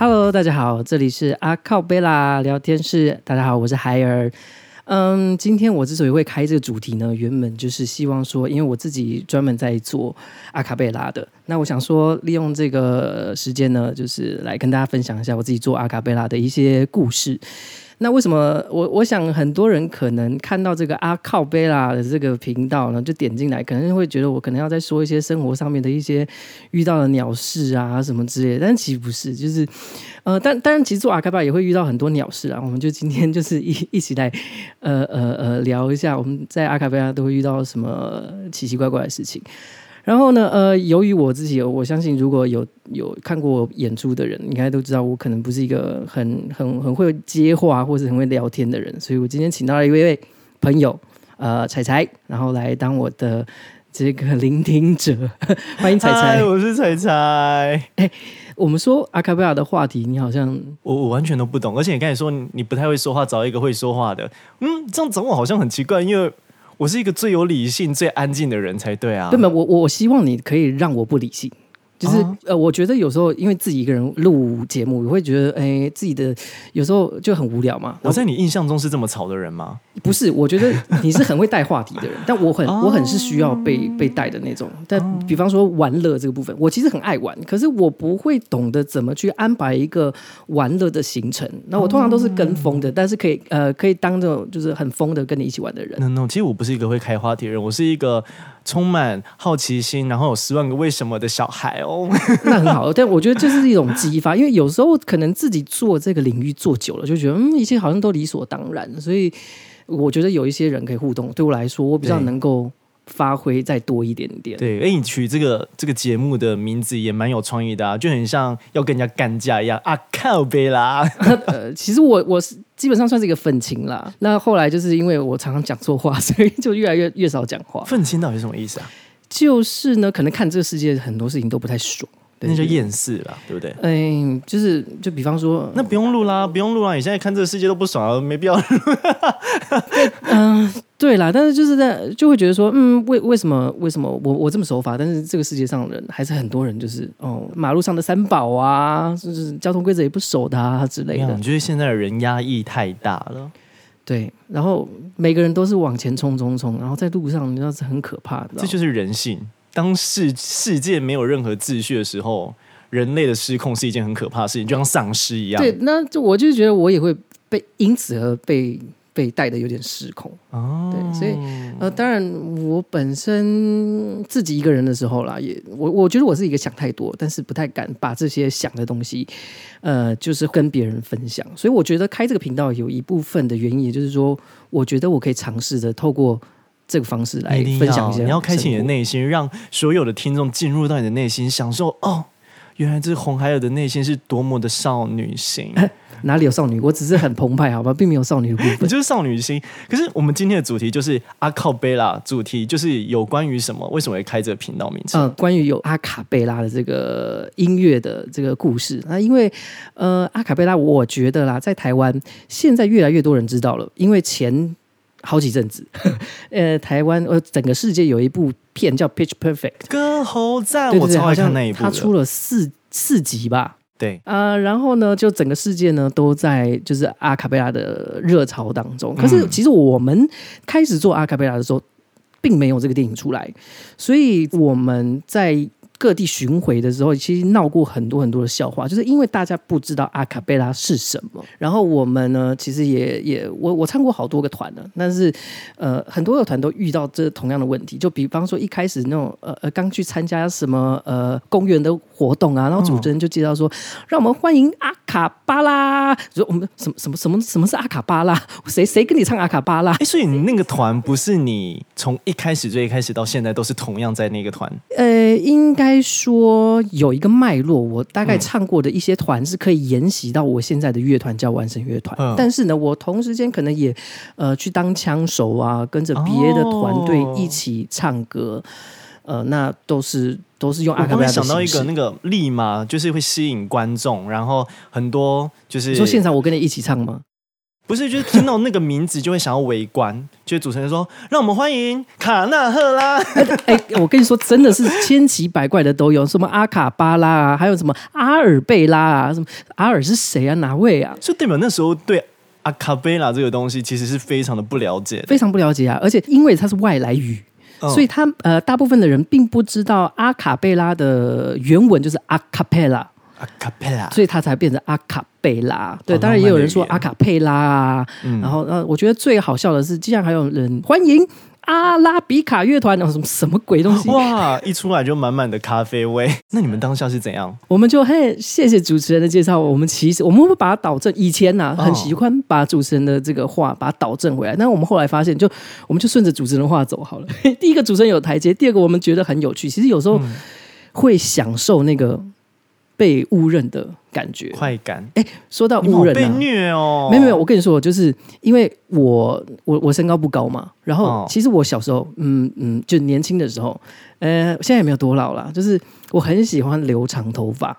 Hello，大家好，這裡是阿卡貝拉聊天室。大家好，我是海爾。嗯，今天我之所以會開這個主題呢，原本就是希望說，因為我自己專門在做阿卡貝拉的，那我想說，利用這個時間呢，就是來跟大家分享一下我自己做阿卡貝拉的一些故事。那為什麼我我想很多人可能看到這個阿卡貝拉的這個頻道呢，就點進來，可能會覺得我可能要再說一些生活上面的一些遇到的鳥事啊什麼之類，但其實不是，就是呃，但當然，但其實做阿卡貝拉也會遇到很多鳥事啊。我們就今天就是一一起來，呃呃呃，聊一下我們在阿卡貝拉都會遇到什麼奇奇怪怪的事情。然後呢，呃，由於我自己，我相信如果有有看過我演出的人，應該都知道我可能不是一個很很很會接話或是很會聊天的人，所以我今天請到了一位位朋友，呃，彩彩，然後來當我的這個聆聽者。呵呵歡迎彩彩，Hi, 我是彩彩。欸，我們說阿卡貝拉的話題，你好像我我完全都不懂，而且你剛才說你，你不太會說話，找一個會說話的，嗯，這樣找我好像很奇怪，因為。我是一個最有理性、最安靜的人才對啊。對嗎？我我希望你可以讓我不理性。就是、uh -huh. 呃，我覺得有時候因為自己一個人錄節目，我會覺得誒，自己的有時候就很無聊嘛。我、啊、在你印象中是這麼吵的人嗎？不是，我覺得你是很會帶話題的人， 但我很、uh -huh. 我很是需要被被帶的那種。但比方說玩樂這個部分，我其實很愛玩，可是我不會懂得怎麼去安排一個玩樂的行程。那、uh -huh. 我通常都是跟風的，但是可以呃可以當這種就是很瘋的跟你一起玩的人。No No，其實我不是一個會開話題的人，我是一個。充滿好奇心，然後有十萬個為什麼的小孩哦， 那很好。但我覺得這是一種激發，因為有時候可能自己做這個領域做久了，就覺得嗯，一切好像都理所當然。所以我覺得有一些人可以互動，對我來說，我比較能夠。發揮再多一點點。對，哎、欸，你取這個這個節目的名字也蠻有創意的、啊，就很像要跟人家幹架一樣啊！靠北啦 呃，呃，其實我我是基本上算是一個憤青啦。那後來就是因為我常常講錯話，所以就越來越越少講話。憤青到底是什麼意思啊？就是呢，可能看這個世界很多事情都不太爽。那就厭世了，對不對？嗯，就是，就比方說，那不用錄啦、嗯，不用錄啦。你現在看這個世界都不爽，啊、沒必要。嗯 、呃，對啦。但是就是在就會覺得說，嗯，為為什麼為什麼我我這麼守法，但是這個世界上人還是很多人，就是哦，馬路上的三寶啊，就是交通規則也不守的啊之類的。我、嗯、覺得現在的人壓抑太大了，對。然後每個人都是往前衝衝衝，然後在路上，你知道是很可怕的。這就是人性。當世世界沒有任何秩序的時候，人類的失控是一件很可怕的事情，就像喪屍一樣。對，那我就覺得我也會被因此而被被帶得有點失控。哦，對，所以呃，當然我本身自己一個人的時候啦，也我我覺得我是一個想太多，但是不太敢把這些想的東西，呃，就是跟別人分享。所以我覺得開這個頻道有一部分的原因，也就是說，我覺得我可以嘗試着透過。這個方式來分享一，一下。你要開啟你的內心，讓所有的聽眾進入到你的內心，享受哦，原來這紅孩兒的內心是多麼的少女心。哪裡有少女？我只是很澎湃， 好吧，並沒有少女的部分，就是少女心。可是我們今天的主題就是阿卡貝拉，主題就是有關於什麼？為什麼會開這個頻道名稱？嗯，關於有阿卡貝拉的這個音樂的這個故事。那因為呃，阿卡貝拉，我覺得啦，在台灣現在越來越多人知道了，因為前。好幾陣子，呃，台灣呃，整個世界有一部片叫《Pitch Perfect》，歌喉讚》我超愛看那一部，它出了四四集吧？對啊，呃，然後呢，就整個世界呢都在就是阿卡貝拉的熱潮當中。可是其實我們開始做阿卡貝拉的時候，並沒有這個電影出來，所以我們在。各地巡迴的時候，其實鬧過很多很多的笑話，就是因為大家不知道阿卡貝拉是什麼。然後我們呢，其實也也我我參過好多個團的，但是呃，很多個團都遇到這同樣的問題。就比方說一開始那種呃剛去參加什麼呃公園的活動啊，然後主持人就介紹說，哦，讓我們歡迎阿。卡巴拉，如我們什麼什麼什麼什麼是阿卡巴拉？誰誰跟你唱阿卡巴拉？哎、欸，所以你那個團不是你從一開始最開始到現在都是同樣在那個團？呃、欸，應該說有一個脈絡，我大概唱過的一些團是可以沿襲到我現在的樂團叫玩聲樂團。但是呢，我同時間可能也呃去當槍手啊，跟着別的團隊一起唱歌，哦，呃，那都是。都是用阿卡貝拉。想到一個那個力嘛，就是會吸引觀眾，然後很多就是你說現場我跟你一起唱嗎？不是，就是聽到那個名字就會想要圍觀。 就會主持人說：“讓我們歡迎卡納赫拉。 欸”哎、欸，我跟你說，真的是千奇百怪的都有，什麼阿卡巴拉啊，還有什麼阿爾貝拉啊，什麼阿爾是誰啊？哪位啊？就代表那時候對阿卡貝拉這個東西其實是非常的不了解的，非常不了解啊！而且因為它是外來語。所以他，他、oh. 呃，大部分的人並不知道阿卡貝拉的原文就是阿卡佩拉，阿卡佩拉，所以他才變成阿卡貝拉。對，當然也有人說阿卡佩拉啊。然後，呃，我覺得最好笑的是，竟然還有人歡迎。阿拉比卡樂團，那什麼什麼鬼東西？哇，一出來就滿滿的咖啡味。 那你們當下是怎樣？我們就嘿，謝謝主持人的介紹。我們其實我們會不會把它導正。以前啊，很喜歡把主持人的這個話把它導正回來。哦，但我們後來發現就，就我們就順着主持人話走好了。 第一個主持人有台階，第二個我們覺得很有趣。其實有時候會享受那個。嗯被誤認的感覺，快感。哎、欸，說到誤認、啊，你好被虐哦！沒有沒有，我跟你說，就是因為我我我身高不高嘛，然後其實我小時候，哦、嗯嗯，就年輕的時候，呃，現在也沒有多老啦，就是我很喜歡留長頭髮。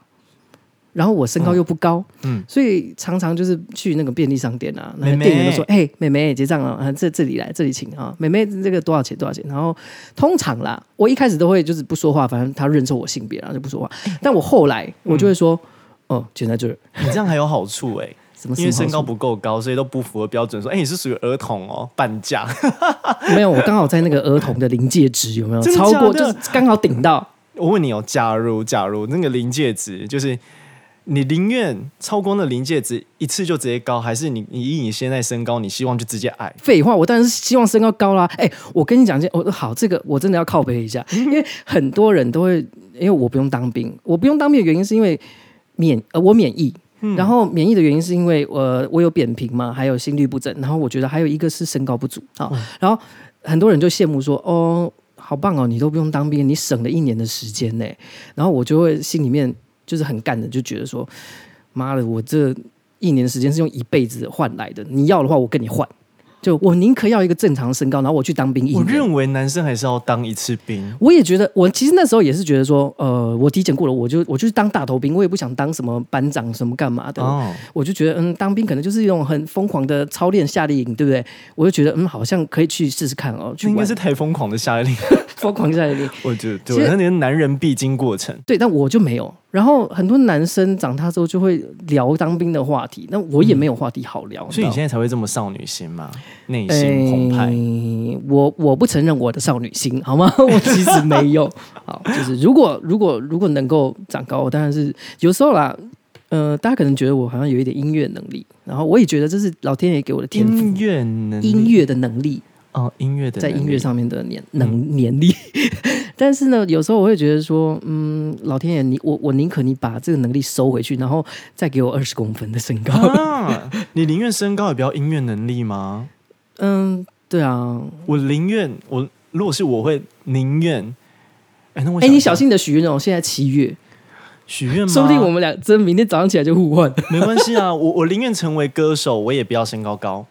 然後我身高又不高，嗯，所以常常就是去那個便利商店啊，那、嗯、店員就說：“哎，妹妹，結賬了，啊、呃，這這裡來，這裡請啊，妹妹，這個多少錢？多少錢？”然後通常啦，我一開始都會就是不說話，反正他認出我性別，然後就不說話。但我後來我就會說：“嗯、哦，錢在這兒，你這樣還有好處哎、欸，什麼？因為身高不夠高，所以都不符合標準，說，哎，你是屬於兒童哦，半價。 ”沒有，我剛好在那個兒童的臨界值，有沒有真的假的？超過？就是剛好頂到。我問你哦，假如假如那個臨界值就是。你寧願超過的臨界值一次就直接高，還是你你以你現在身高，你希望就直接矮？廢話，我當然是希望身高高啦！哎、欸，我跟你講一下，好，這個我真的要靠北一下， 因為很多人都會，因為我不用當兵，我不用當兵的原因是因為免呃我免疫、嗯，然後免疫的原因是因為、呃、我有扁平嘛，還有心律不整，然後我覺得還有一個是身高不足啊、哦、嗯，然後很多人就羨慕說哦好棒哦，你都不用當兵，你省了一年的時間呢，然後我就會心裡面。就是很乾的，就覺得說，媽的，我這一年的時間是用一輩子換來的。你要的話，我跟你換。就我寧可要一個正常身高，然後我去當兵。我認為男生還是要當一次兵。我也覺得，我其實那時候也是覺得說，呃，我體檢過了，我就我就是當大頭兵。我也不想當什麼班長什麼幹嘛的。哦，我就覺得，嗯，當兵可能就是一種很瘋狂的操練夏令營，對不對？我就覺得，嗯，好像可以去試試看哦。那應該是太瘋狂的夏令營。瘋狂夏令營。 我覺得，我那年男人必經過程。對，但我就沒有。然後很多男生長大之後就會聊當兵的話題，那我也沒有話題好聊。嗯，所以你現在才會這麼少女心嘛，內心澎湃。欸、我我不承認我的少女心，好嗎？我其實沒有。 好，就是如果如果如果能夠長高，當然是有時候啦。呃，大家可能覺得我好像有一點音樂能力，然後我也覺得這是老天爺給我的天賦，音樂能力，音樂的能力。哦，音樂的在音樂上面的能、嗯、能年能能力， 但是呢，有時候我會覺得說，嗯，老天爺，你我我寧可你把這個能力收回去，然後再給我二十公分的身高。啊、你寧願身高也不要音樂能力嗎？嗯，對啊，我寧願我如果是我會寧願。哎，那我想哎，你小心你的許願哦！現在七月許願嗎，說不定我們倆真明天早上起來就互換。沒關係啊， 我我寧願成為歌手，我也不要身高高。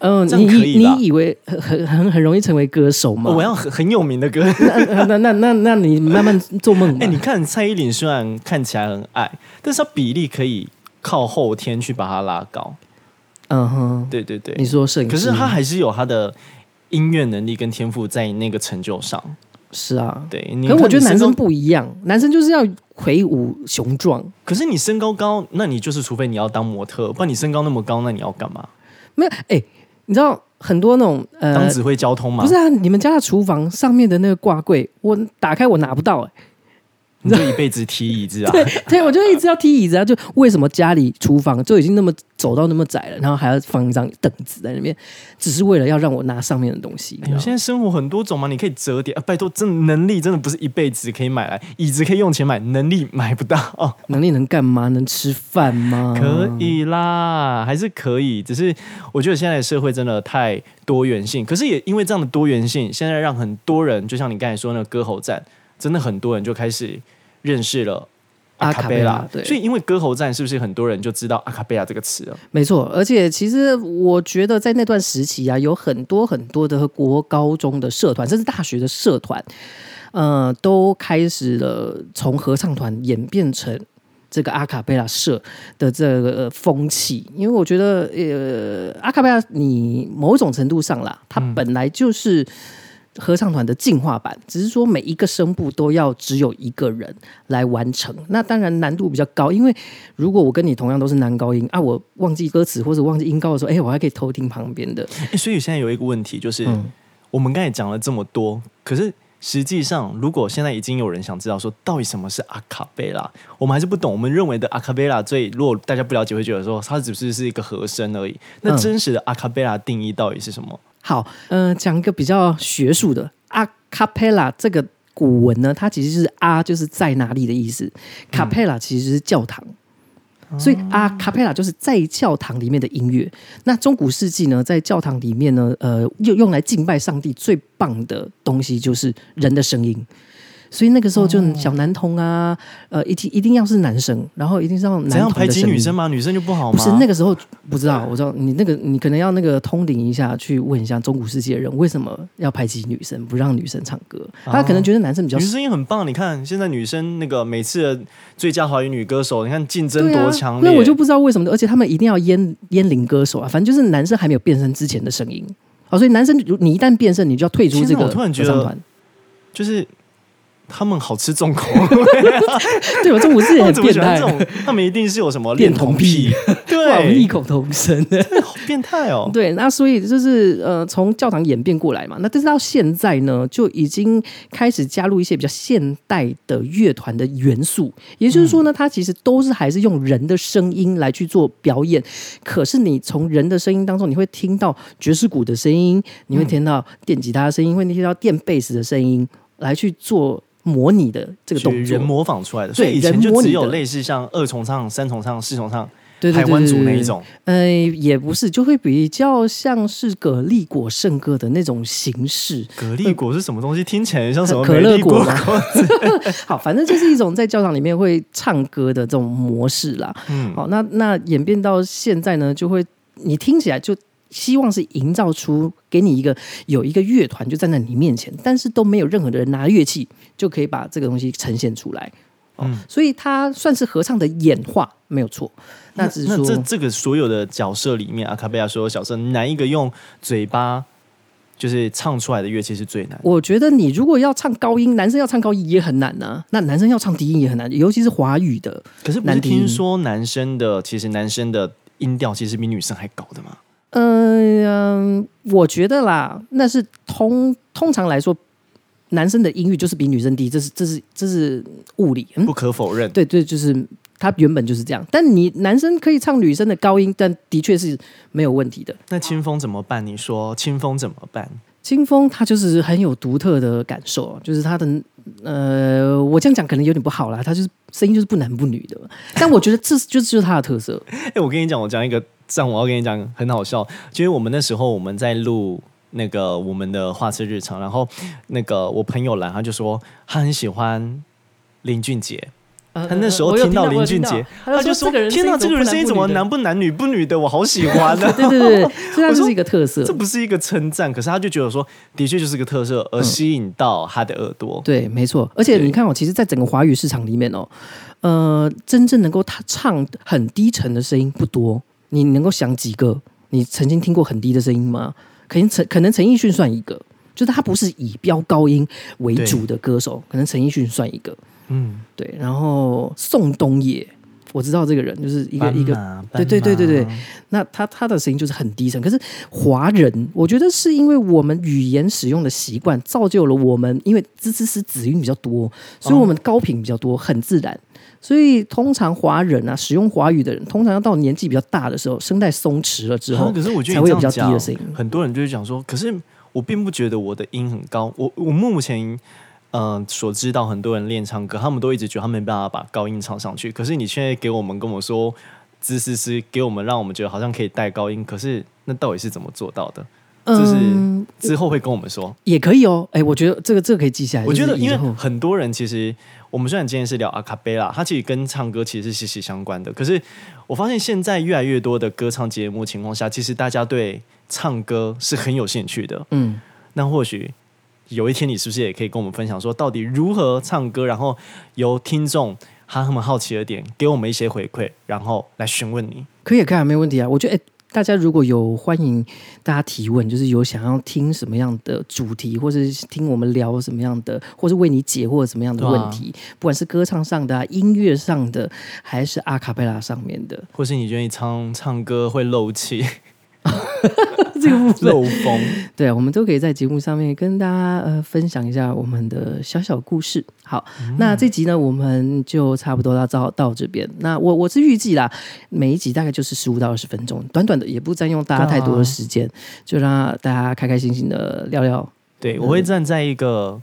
嗯、oh，你你以為很很很容易成為歌手嗎？我要很很有名的歌手。那那那那，那那那那你慢慢做夢。哎、欸，你看蔡依林雖然看起來很矮，但是她比例可以靠後天去把她拉高。嗯哼，對對對，你說是。可是她還是有她的音樂能力跟天賦在那個成就上。是啊，對。你你可是我覺得男生不一樣，男生就是要魁梧雄壯。可是你身高高，那你就是除非你要當模特，不然你身高那麼高，那你要幹嘛？沒有，哎、欸。你知道很多那種呃，當指揮交通嗎？不是啊，你們家的廚房上面的那個掛櫃，我打開我拿不到哎、欸。你就一輩子踢椅子啊 對，對，我就一直要踢椅子啊！就為什麼家裡廚房就已經那麼走道那麼窄了，然後還要放一張凳子在裡面，只是為了要讓我拿上面的東西。哎、現在生活很多種嘛，你可以折疊啊！拜托，真的能力真的不是一輩子可以買來，椅子可以用錢買，能力買不到、哦。能力能幹嘛？能吃飯嗎？可以啦，還是可以。只是我覺得現在的社會真的太多元性，可是也因為這樣的多元性，現在讓很多人就像你剛才說那個割喉戰。真的很多人就開始認識了阿卡貝拉，阿卡貝拉，對，所以因為歌喉戰是不是很多人就知道阿卡貝拉這個詞啊？沒錯，而且其實我覺得在那段時期啊，有很多很多的國高中的社團，甚至大學的社團，呃，都開始了從合唱團演變成這個阿卡貝拉社的這個風氣。因為我覺得，呃，阿卡貝拉，你某種程度上啦，它本來就是。嗯合唱團的進化版，只是說每一個聲部都要只有一個人來完成。那當然難度比較高，因為如果我跟你同樣都是男高音啊，我忘記歌詞或者忘記音高的時候，哎、欸，我還可以偷聽旁邊的、欸。所以現在有一個問題就是，嗯、我們剛才講了這麼多，可是實際上，如果現在已經有人想知道說，到底什麼是阿卡貝拉，我們還是不懂。我們認為的阿卡貝拉，所以如果大家不了解，會覺得說它只是是一個和聲而已。那真實的阿卡貝拉定義到底是什麼？嗯好，嗯、呃，講一個比較學術的，啊，cappella 這個古文呢，它其實是啊，就是在哪裡的意思、嗯、cappella 其實是教堂，所以啊，cappella 就是在教堂裡面的音樂。那中古世紀呢，在教堂裡面呢，呃，用用來敬拜上帝最棒的東西就是人的聲音。所以那個時候就小男童啊，哦、呃，一定一定要是男生，然後一定要男怎樣排擠女生嗎？女生就不好嗎？不是那個時候不知道，知道知道我知道你那個你可能要那個通靈一下，去問一下中古世界的人為什麼要排擠女生，不讓女生唱歌？哦、他可能覺得男生比較女生也很棒。你看現在女生那個每次最佳華語女歌手，你看競爭多強、啊、那我就不知道為什麼，而且他們一定要閹閹伶歌手啊，反正就是男生還沒有變聲之前的聲音啊、哦。所以男生你一旦變聲，你就要退出這個我突然覺得合唱團，就是。他們好吃重口， 對我中不是很變態？他們一定是有什麼戀童癖，變童癖，對，異口同聲，好變態哦。對，那所以就是呃，從教堂演變過來嘛。那但是到現在呢，就已經開始加入一些比較現代的樂團的元素。也就是說呢、嗯，它其實都是還是用人的聲音來去做表演。可是你從人的聲音當中，你會聽到爵士鼓的聲音，你會聽到電吉他的聲音、嗯，會聽到電貝斯的聲音來去做。模擬的這個動作，人模仿出來的，所以，以前就只有類似像二重唱、三重唱、四重唱對對對對，台灣族那一種。呃，也不是，就會比較像是葛利果聖歌的那種形式。葛利果是什麼東西？嗯、聽起來像什麼果果可樂果嗎？ 好，反正就是一種在教堂裡面會唱歌的這種模式啦。嗯，好，那那演變到現在呢，就會你聽起來就。希望是營造出給你一個有一個樂團就站在你面前，但是都沒有任何的人拿樂器就可以把這個東西呈現出來。嗯，嗯，所以它算是合唱的演化，沒有錯。那只是說，那那這這個所有的角色裡面，阿卡貝拉所有角色，哪一個用嘴巴就是唱出來的樂器是最難？我覺得你如果要唱高音，男生要唱高音也很難呢、啊。那男生要唱低音也很難，尤其是華語的。可是不是聽說男生的其實男生的音調其實比女生還高的嘛？呃、嗯，我覺得啦，那是通通常來說，男生的音域就是比女生低，這是這是這是物理、嗯、不可否認。對對，就是他原本就是這樣。但你男生可以唱女生的高音，但的確是沒有問題的。那清風怎麼辦？你說清風怎麼辦？清風他就是很有獨特的感受，就是他的。呃，我這樣講可能有點不好啦，他就是聲音就是不男不女的，但我覺得這就是他 的特色。哎、欸，我跟你講，我講一個，這樣我要跟你講，很好笑。其實我們那時候我們在錄那個我們的畫室日常，然後那個我朋友來，他就說他很喜歡林俊杰。啊、他那時候聽到林俊傑，聽聽他就說：“天哪，這個人聲音怎麼不男,不男不男、女不女的？我好喜歡。 ”對,對對對，這是一個特色，這不是一個稱讚，可是他就覺得說，的確就是一個特色，而吸引到他的耳朵。嗯、對，沒錯。而且你看哦，其實，在整個華語市場裡面哦，呃，真正能夠他唱很低沉的聲音不多。你能夠想幾個？你曾經聽過很低的聲音嗎？可能陳，可能陳奕迅算一個，就是他不是以飆高音為主的歌手，可能陳奕迅算一個。嗯，對，然後宋冬野，我知道這個人，就是一個一個，對對對對對。那他他的聲音就是很低沉，可是華人，我覺得是因為我們語言使用的習慣造就了我們，因為滋滋滋子音比較多，所以我們高頻比較多，很自然。嗯、所以通常華人啊，使用華語的人，通常要到年紀比較大的時候，聲帶鬆弛了之後，嗯、可是我覺得才會有比較低的聲音。很多人就是講說，可是我並不覺得我的音很高，我我目前。嗯，所知道，很多人練唱歌，他們都一直覺得他們沒辦法把高音唱上去。可是你現在給我們跟我們說姿勢是給我們讓我們覺得好像可以帶高音，可是那到底是怎麼做到的？就、嗯、是之後會跟我們說也可以哦。哎，我覺得這個這個可以記下來一。我覺得因為很多人其實我們雖然今天是聊阿卡貝拉，它其實跟唱歌其實是息息相關的。可是我發現現在越來越多的歌唱節目情況下，其實大家對唱歌是很有興趣的。嗯，那或許。有一天你是不是也可以跟我們分享說到底如何唱歌？然後由聽眾還他們好奇的點給我們一些回饋，然後來詢問你可以可以，沒問題啊！我覺得誒，大家如果有歡迎大家提問，就是有想要聽什麼樣的主題，或是聽我們聊什麼樣的，或是為你解惑什麼樣的問題、啊，不管是歌唱上的、啊、音樂上的，還是阿卡貝拉上面的，或是你願意唱唱歌會漏氣。 這個部分漏風，對，我們都可以在節目上面跟大家呃分享一下我們的小小故事。好，嗯、那這集呢，我們就差不多要到到這邊。那我我是預計啦，每一集大概就是十五到二十分鐘，短短的也不佔用大家太多的時間，啊，就讓大家開開心心的聊聊。對、嗯、我會站在一個，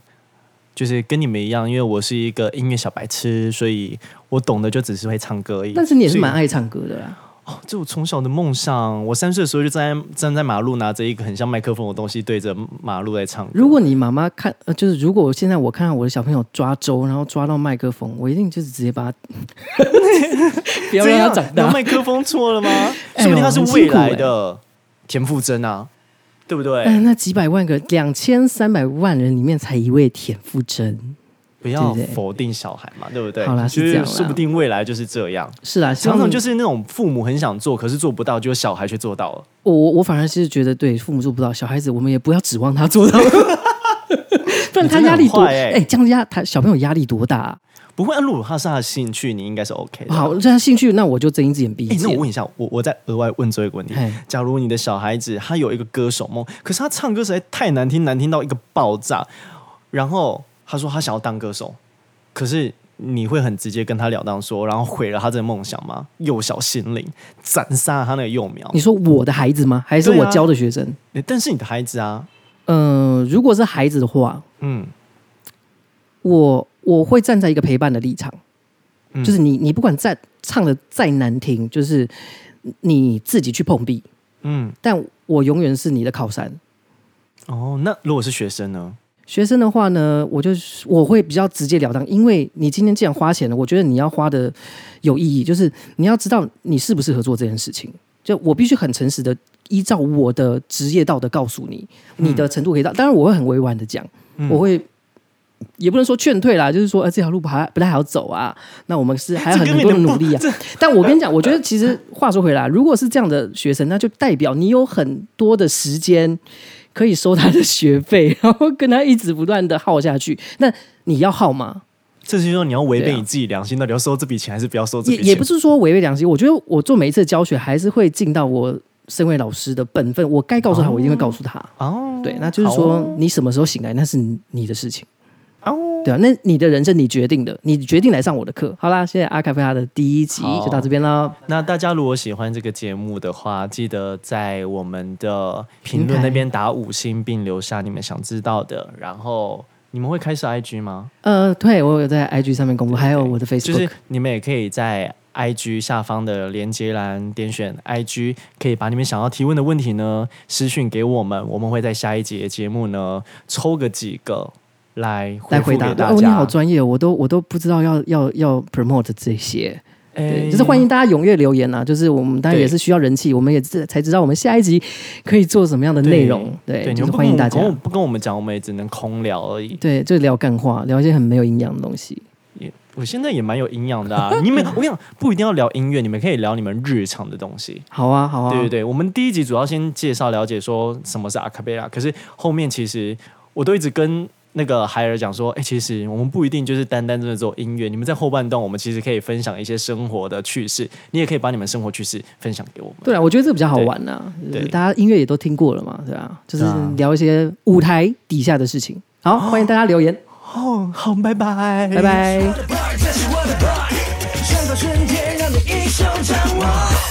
就是跟你們一樣，因為我是一個音樂小白痴，所以我懂的就只是會唱歌而已。但是你也是蠻愛唱歌的啦。哦，這我從小的夢想。我三歲的時候就站在站在馬路，拿着一個很像麥克風的東西，對着馬路在唱歌。如果你媽媽看，呃，就是如果現在我看到我的小朋友抓周，然後抓到麥克風，我一定就是直接把他。 不要讓他長大。麥克風錯了嗎？ 哎，說不定他是未來的田馥甄啊、哎欸，對不對？那幾百萬個兩千三百萬人裡面，才一位田馥甄。不要否定小孩嘛，對，對，對，對不對？就是這樣啦，說不定未來就是這樣。是啊，常常就是那種父母很想做，可是做不到，就小孩卻做到了。我我反而是覺得，對父母做不到，小孩子我們也不要指望他做到， 不然他壓力多哎、欸欸，這樣壓他小朋友壓力多大、啊？不會、啊，如果他是他的興趣，你應該是 OK。好，這樣興趣，那我就睜一隻眼閉一隻眼。哎、欸，那我問一下，我我再額外問這個問題：假如你的小孩子他有一個歌手夢，可是他唱歌實在太難聽，難聽到一個爆炸，然後。他說他想要當歌手，可是你會很直接跟他了當說，然後毀了他這個夢想嗎？幼小心靈，斬殺了他那個幼苗。你說我的孩子嗎？還是我教的學生？啊欸、但是你的孩子啊，嗯、呃，如果是孩子的話，嗯，我我會站在一個陪伴的立場，嗯、就是你你不管再唱的再難聽，就是你自己去碰壁，嗯，但我永遠是你的靠山。哦，那如果是學生呢？學生的話呢，我就我會比較直截了當，因為你今天既然花錢了，我覺得你要花的有意義，就是你要知道你適不適合做這件事情。就我必須很誠實的依照我的職業道德告訴你，你的程度可以到，嗯，當然我會很委婉的講，嗯，我會也不能說勸退啦，就是說，哎、呃，這條路不還不太好走啊，那我們是還有很多的努力啊。但我跟你講，我覺得其實話說回來，如果是這樣的學生，那就代表你有很多的時間。可以收他的學費，然後跟他一直不斷的耗下去。那你要耗嗎？這就是說你要違背你自己良心的，啊、那你要收這筆錢還是不要收這筆錢？也也不是說違背良心，我覺得我做每一次的教學還是會盡到我身為老師的本分，我該告訴他、哦、我一定會告訴他。哦，對，那就是說、哦、你什麼時候醒來，那是你的事情。對啊，那你的人生你決定的，你決定來上我的課。好啦，謝謝阿卡菲亞的第一集就到這邊啦。那大家如果喜歡這個節目的話，記得在我們的評論那邊打五星，並留下你們想知道的。然後你們會開設 IG 嗎？呃，對，我有在 IG 上面公布，還有我的 Facebook，就是你們也可以在 IG 下方的連接欄點選 IG，可以把你們想要提問的問題呢私訊給我們，我們會在下一節節目呢抽個幾個。來回答大家。哦，你好專業，我都我都不知道要要要 promote 這些。欸，對，就是歡迎大家踴躍留言吶，啊，就是我們當然也是需要人氣，我們也是才知道我們下一集可以做什麼樣的內容。對對，對，就是歡迎大家。你們不跟我們講，我們也只能空聊而已。對，就聊幹話，聊一些很沒有營養的東西。也，我現在也蠻有營養的。啊。 你們，我跟你講，不一定要聊音樂，你們可以聊你們日常的東西。好啊，好啊。對對對，我們第一集主要先介紹了解說什麼是阿卡貝拉，可是後面其實我都一直跟。那個孩兒講說，哎、欸，其實我們不一定就是單單真的做音樂，你們在後半段，我們其實可以分享一些生活的趣事，你也可以把你們生活趣事分享給我們。對啊，我覺得這個比較好玩啊。對，就是、大家音樂也都聽過了嘛，對吧、啊？就是聊一些舞台底下的事情，好，歡迎大家留言。哦，哦好，拜拜，拜拜。